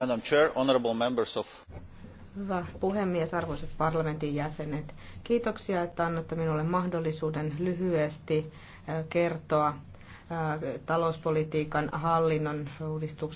Madam Hyvä puhemies, arvoisat parlamentin jäsenet. Kiitoksia, että annatte minulle mahdollisuuden lyhyesti äh, kertoa äh, talouspolitiikan hallinnon uudistuksen.